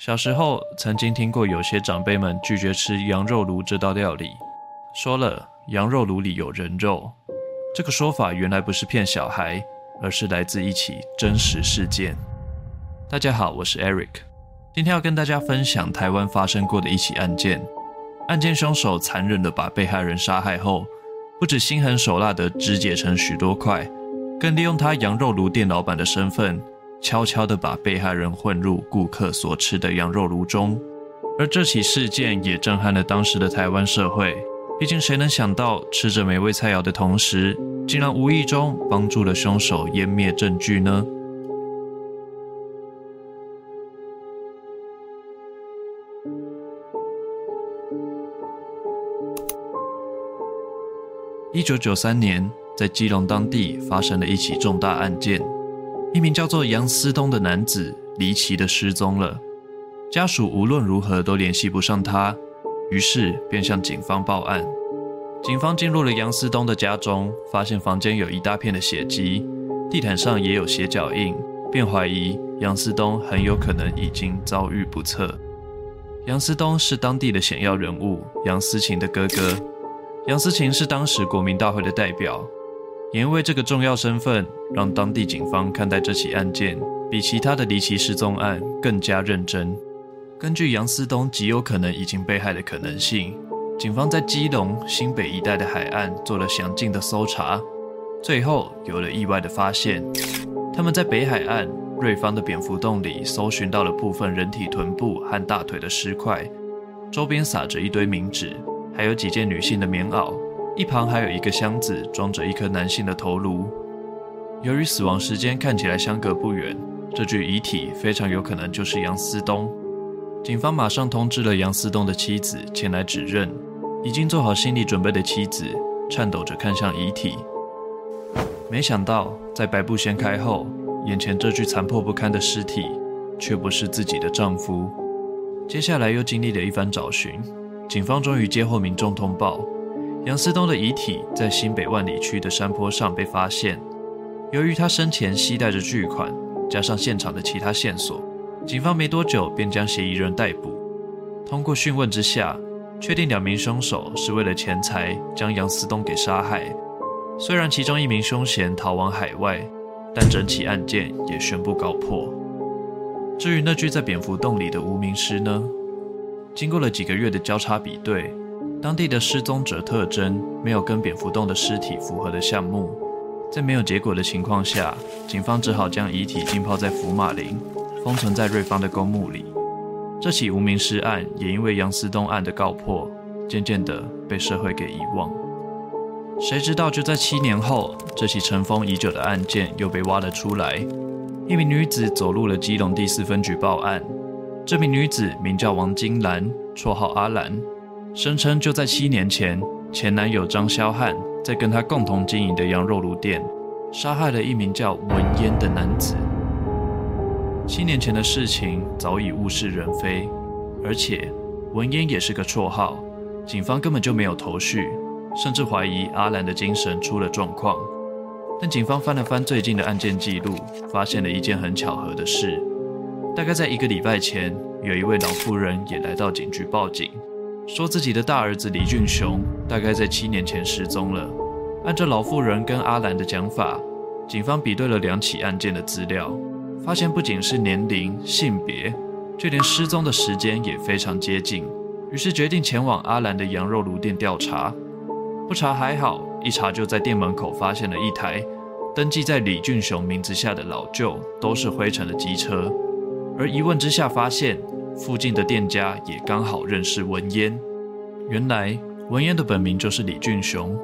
小時候曾經聽過有些長輩們拒絕吃羊肉爐這道料理，說了“羊肉爐裡有人肉”，這個說法原來不是騙小孩，而是來自一起真實事件。大家好，我是 Eric，今天要跟大家分享台灣發生過的一起案件。案件兇手殘忍地把被害人殺害後，不止心狠手辣地肢解成許多塊，更利用他羊肉爐店老板的身份。悄悄的把被害人混入顧客所吃的羊肉爐中，而這起事件也震撼了當時的台灣社會。畢竟，誰能想到吃着美味菜餚的同時，竟然無意中幫助了兇手湮滅證據呢？一九九三年，在基隆當地發生了一起重大案件。一名叫做楊思東的男子離奇的失蹤了，家屬無論如何都聯繫不上他，於是便向警方報案。警方進入了楊思東的家中，發現房間有一大片的血跡，地毯上也有血腳印，便懷疑楊思東很有可能已經遭遇不測。楊思東是當地的顯要人物，楊思琴的哥哥。楊思琴是當時國民大會的代表。也因為這個重要身份，讓當地警方看待這起案件比其他的離奇失蹤案更加認真。根據楊思東極有可能已經被害的可能性，警方在基隆、新北一帶的海岸做了詳盡的搜查，最後有了意外的發現。他們在北海岸瑞芳的蝙蝠洞裡搜尋到了部分人體臀部和大腿的屍塊，周邊撒着一堆冥紙，還有幾件女性的棉襖。一旁還有一個箱子，裝着一顆男性的頭顱。由於死亡時間看起來相隔不遠，這具遺體非常有可能就是楊思東。警方馬上通知了楊思東的妻子前來指認。已經做好心理準備的妻子顫抖着看向遺體，沒想到在白布掀開後，眼前這具殘破不堪的屍體却不是自己的丈夫。接下來又經歷了一番找尋，警方終於接獲民眾通報。楊思東的遺體在新北萬里區的山坡上被發現。由於他生前攜帶着巨款，加上現場的其他線索，警方沒多久便將嫌疑人逮捕。通過訊問之下，確定兩名凶手是為了錢財將楊思東給殺害。雖然其中一名凶嫌逃往海外，但整起案件也宣布告破。至於那具在蝙蝠洞裡的無名屍呢？經過了幾個月的交叉比對。當地的失蹤者特徵沒有跟蝙蝠洞的屍體符合的項目，在沒有結果的情況下，警方只好將遺體浸泡在福馬林，封存在瑞芳的公墓裡。這起無名屍案也因為楊思東案的告破，漸漸地被社會給遺忘。誰知道就在七年後，這起塵封已久的案件又被挖了出來。一名女子走入了基隆第四分局報案，這名女子名叫王金蘭，綽號阿蘭。聲稱就在七年前，前男友張蕭漢在跟他共同經營的羊肉爐店殺害了一名叫文嫣的男子。七年前的事情早已物是人非，而且文嫣也是個綽號，警方根本就沒有頭緒，甚至懷疑阿蘭的精神出了狀況。但警方翻了翻最近的案件記錄，發現了一件很巧合的事：大概在一個禮拜前，有一位老婦人也來到警局報警。說自己的大兒子李俊雄大概在七年前失蹤了。按照老婦人跟阿蘭的講法，警方比對了兩起案件的資料，發現不僅是年齡、性別，就連失蹤的時間也非常接近。於是決定前往阿蘭的羊肉爐店調查。不查還好，一查就在店門口發現了一台登記在李俊雄名字下的老舊、都是灰塵的機車。而一問之下，發現。附近的店家也剛好認識文煙，原來文煙的本名就是李俊雄，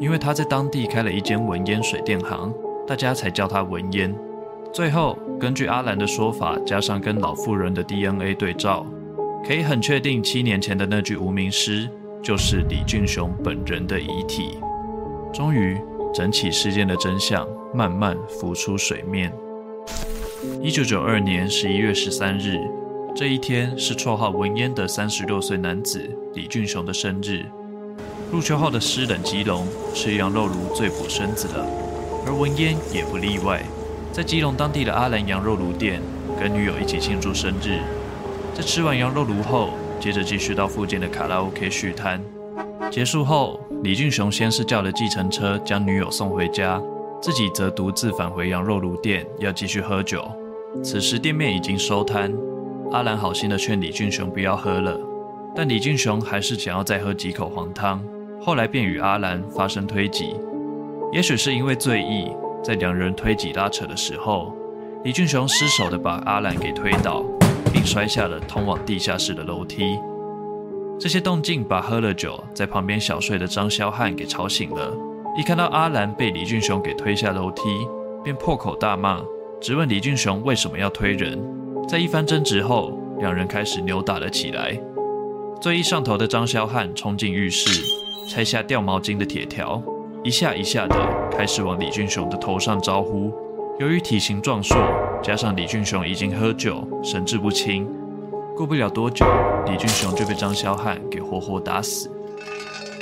因為他在當地開了一間文煙水電行，大家才叫他文煙。最後，根據阿蘭的說法，加上跟老婦人的 DNA 對照，可以很確定七年前的那具無名屍就是李俊雄本人的遺體。終於，整起事件的真相慢慢浮出水面。一九九二年十一月十三日，這一天是綽號文煙的三十六歲男子李俊雄的生日。入秋後的濕冷基隆，吃羊肉爐最補身子了，而文煙也不例外，在基隆當地的阿蘭羊肉爐店跟女友一起慶祝生日。在吃完羊肉爐後，接着繼續到附近的卡拉 OK 續攤。結束後，李俊雄先是叫了計程車將女友送回家，自己則獨自返回羊肉爐店要繼續喝酒。此時店面已經收攤。阿蘭好心的勸李俊雄不要喝了，但李俊雄還是想要再喝幾口黃湯。後來便與阿蘭發生推擠，也許是因為醉意，在兩人推擠拉扯的時候，李俊雄失手的把阿蘭給推倒，並摔下了通往地下室的樓梯。這些動靜把喝了酒在旁邊小睡的張霄漢給吵醒了，一看到阿蘭被李俊雄給推下樓梯，便破口大罵，質問李俊雄為什麼要推人。在一番爭執後，兩人開始扭打了起來。醉意上頭的張肖漢衝進浴室，拆下吊毛巾的鐵條，一下一下的開始往李俊雄的頭上招呼。由於體型壯碩，加上李俊雄已經喝酒神志不清，過不了多久，李俊雄就被張肖漢給活活打死。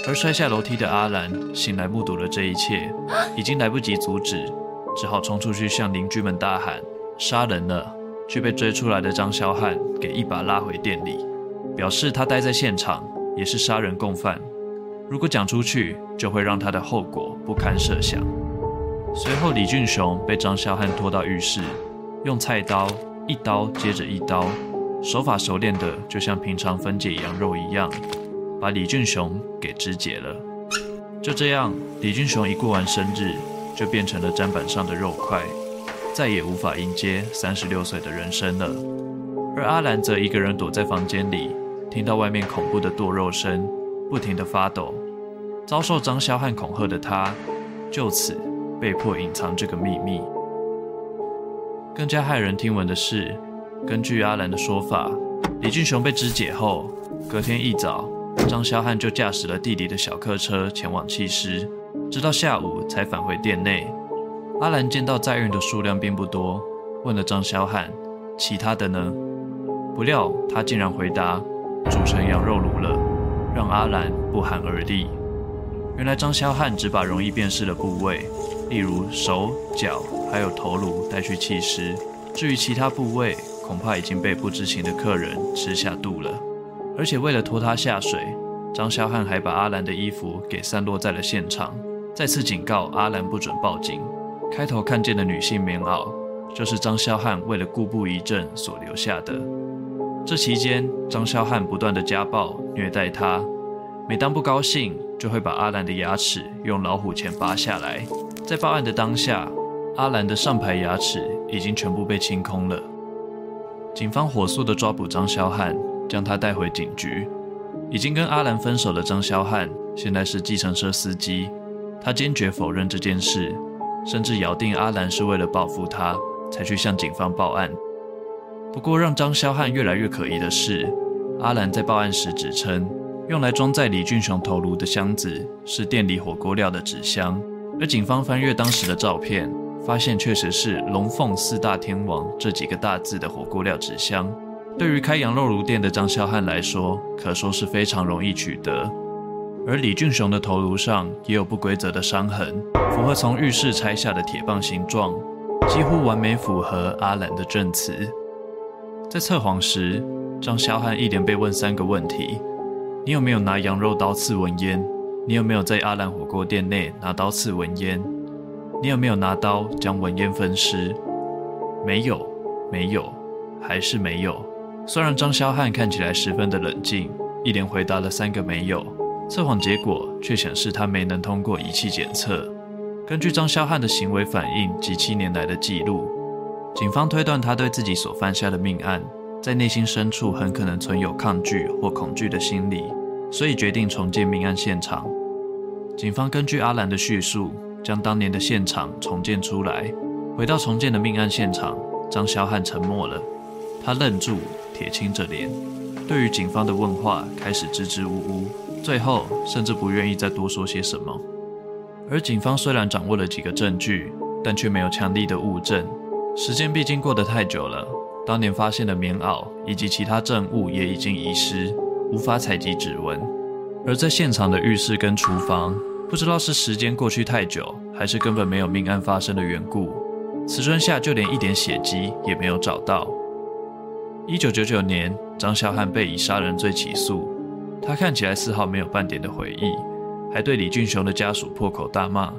而摔下樓梯的阿蘭醒來，目睹了這一切，已經來不及阻止，只好衝出去向鄰居們大喊：“殺人了！”卻被追出來的張瀟漢給一把拉回店裡，表示他待在現場也是殺人共犯，如果講出去就會讓他的後果不堪設想。隨後李俊雄被張瀟漢拖到浴室，用菜刀一刀接着一刀，手法熟練的就像平常分解羊肉一樣，把李俊雄給肢解了。就這樣，李俊雄一過完生日，就變成了砧板上的肉塊。再也無法迎接三十六歲的人生了，而阿蘭則一個人躲在房間裡，聽到外面恐怖的剁肉聲，不停地發抖。遭受張蕭漢恐嚇的他，就此被迫隱藏這個秘密。更加駭人聽聞的是，根據阿蘭的說法，李俊雄被肢解後，隔天一早，張蕭漢就駕駛了弟弟的小客車前往棄屍，直到下午才返回店內。阿蘭見到在運的數量並不多，問了張蕭漢：“其他的呢？”不料他竟然回答：“煮成羊肉爐了。”讓阿蘭不寒而慄。原來張蕭漢只把容易辨識的部位，例如手腳還有頭顱帶去棄屍，至於其他部位，恐怕已經被不知情的客人吃下肚了。而且為了拖他下水，張蕭漢還把阿蘭的衣服給散落在了現場，再次警告阿蘭不准報警。開頭看見的女性棉襖，就是張霄漢為了故布疑陣，所留下的。這期間，張霄漢不斷的家暴虐待他，每當不高興，就會把阿蘭的牙齒用老虎鉗拔下來。在報案的當下，阿蘭的上排牙齒已經全部被清空了。警方火速的抓捕張霄漢，將他帶回警局。已經跟阿蘭分手的張霄漢，現在是計程車司機，他堅決否認這件事。甚至咬定阿蘭是為了報復他才去向警方報案。不過，讓張蕭漢越來越可疑的是，阿蘭在報案時指稱，用來裝載李俊雄頭顱的箱子是店裡火鍋料的紙箱。而警方翻閱當時的照片，發現確實是“龍鳳四大天王”這幾個大字的火鍋料紙箱。對於開羊肉爐店的張蕭漢來說，可說是非常容易取得。而李俊雄的頭顱上也有不規則的傷痕，符合從浴室拆下的鐵棒形狀，幾乎完美符合阿蘭的證詞。在測謊時，張蕭漢一連被問三個問題：你有沒有拿羊肉刀刺文嫣？你有沒有在阿蘭火鍋店內拿刀刺文嫣？你有沒有拿刀將文嫣分屍？沒有，沒有，還是沒有。雖然張蕭漢看起來十分的冷靜，一連回答了三個沒有。測謊結果卻顯示他沒能通過儀器檢測。根據張肖漢的行為反應及七年來的記錄，警方推斷他對自己所犯下的命案，在內心深處很可能存有抗拒或恐懼的心理，所以決定重建命案現場。警方根據阿蘭的敘述，將當年的現場重建出來。回到重建的命案現場，張肖漢沉默了，他愣住，鐵青着臉，對於警方的問話開始支支吾吾。最後，甚至不願意再多說些什麼。而警方雖然掌握了幾個證據，但卻沒有強力的物證。時間畢竟過得太久了，當年發現的棉襖以及其他證物也已經遺失，無法採集指紋。而在現場的浴室跟廚房，不知道是時間過去太久，還是根本沒有命案發生的緣故，瓷磚下就連一點血跡也沒有找到。一九九九年，張小漢被以殺人罪起訴。他看起來絲毫沒有半點的悔意，還對李俊雄的家屬破口大罵：“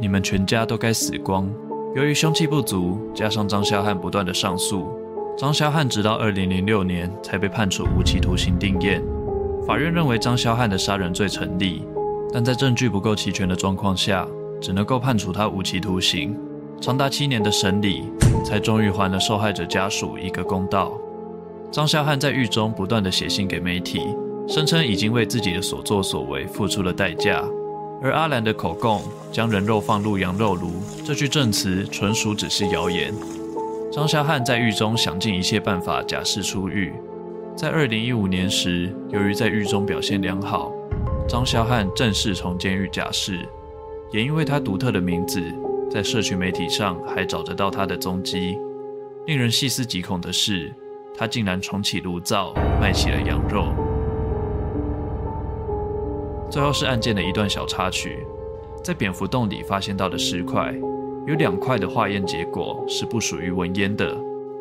你們全家都該死光！”由於兇器不足，加上張肖漢不斷的上訴，張肖漢直到二零零六年才被判處無期徒刑定讞。法院認為張肖漢的殺人罪成立，但在證據不夠齊全的狀況下，只能夠判處他無期徒刑。長達七年的審理，才終於還了受害者家屬一個公道。張肖漢在獄中不斷的寫信給媒體。聲稱已經為自己的所作所為付出了代價，而阿蘭的口供，將人肉放入羊肉爐這句證詞，純屬只是謠言。張肖漢在獄中想盡一切辦法假釋出獄，在二零一五年時，由於在獄中表現良好，張肖漢正式從監獄假釋。也因為他獨特的名字，在社群媒體上還找得到他的蹤跡。令人細思極恐的是，他竟然重起爐灶賣起了羊肉。最後是案件的一段小插曲，在蝙蝠洞裡發現到的屍塊，有兩塊的化驗結果是不屬於文煙的，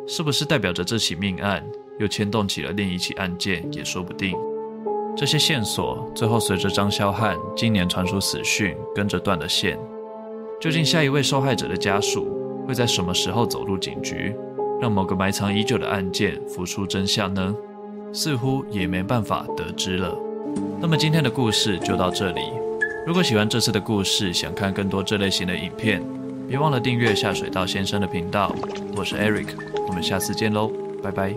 是不是代表着這起命案又牽動起了另一起案件也說不定。這些線索最後隨着張肖漢今年傳出死訊，跟着斷了線。究竟下一位受害者的家屬會在什麼時候走入警局，讓某個埋藏已久的案件浮出真相呢？似乎也沒辦法得知了。那麼今天的故事就到這裡。如果喜歡這次的故事，想看更多這類型的影片，別忘了訂閱下水道先生的頻道。我是 Eric，我們下次見嘍，拜拜。